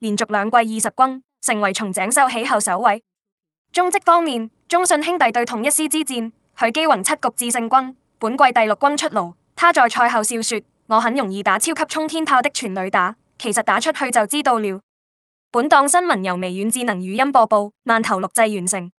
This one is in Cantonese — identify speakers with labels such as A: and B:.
A: 連續兩季二十轟，成為松井秀喜後首位。中職方面，中信兄弟對統一獅之戰，許基宏七局致勝轟，本季第六轟出爐。他在賽後笑說：我很容易打超級沖天炮的全壘打，其實打出去就知道了。本檔新聞由微軟智能語音播報，饅頭錄製完成。